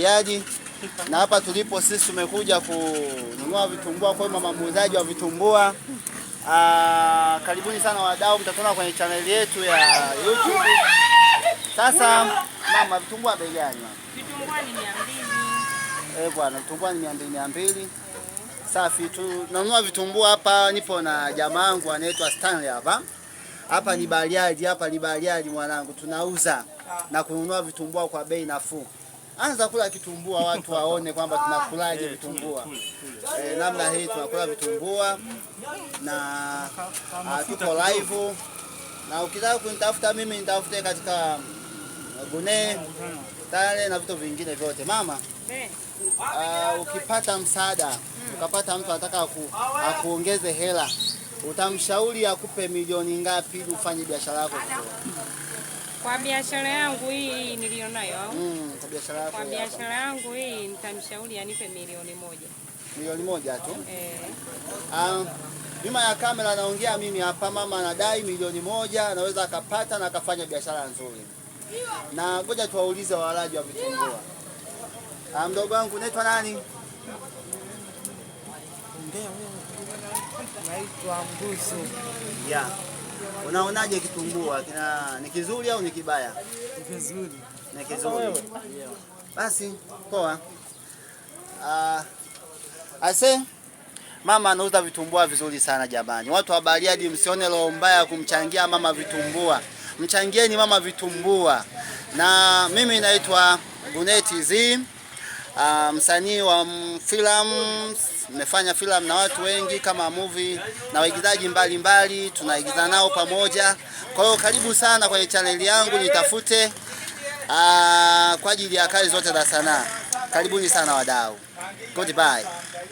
piaji, na hapa tulipo sisi tumekuja kununua vitumbua kwa mama muuzaji wa vitumbua. Aa, ah, karibuni sana wadau, mtatona kwenye chaneli yetu ya YouTube. Sasa mama, vitumbua bei gani? Vitumbua ni 200. Eh bwana, vitumbua ni 200 200. Safi tu. Nanunua vitumbua hapa, nipo na jamaa wangu anaitwa Stanley hapa. Hapa ni baliaji, hapa ni baliaji mwanangu, tunauza na kununua vitumbua kwa bei nafuu anza kula kitumbua, watu waone kwamba tunakulaje vitumbua. E, namna hii tunakula vitumbua na a, ah, tuko live, na ukitaka kunitafuta mimi nitafute katika ah, Gune Tale na vitu vingine vyote mama. Uh, ukipata msaada ukapata mtu anataka akuongeze hela, utamshauri akupe milioni ngapi ili ufanye biashara yako. Kwa biashara yangu hii nilionayo au? Mm, kwa biashara Kwa biashara yangu hii nitamshauri anipe milioni moja. Milioni moja tu? Eh. Um, ah, nyuma ya kamera naongea mimi hapa, mama anadai milioni moja, anaweza akapata na akafanya biashara nzuri. Na ngoja tuwaulize walaji wa vitumbua. Ah, mdogo wangu unaitwa nani? Ndio Naitwa Mbuso. Yeah. Unaonaje kitumbua kina ni kizuri au ni kibaya? Ni kizuri. Ni kizuri. Basi poa. Ah, ase mama anauza vitumbua vizuri sana jamani. Watu wa Bariadi msione roho mbaya kumchangia mama vitumbua. Mchangieni mama vitumbua. Na mimi naitwa Guneti Z. Ah, msanii wa filamu. Nimefanya filamu na watu wengi kama movie na waigizaji mbalimbali, tunaigiza nao pamoja. Kwa hiyo karibu sana kwenye chaneli yangu, nitafute ah, kwa ajili ya kazi zote za sanaa. Karibuni sana wadau. Goodbye.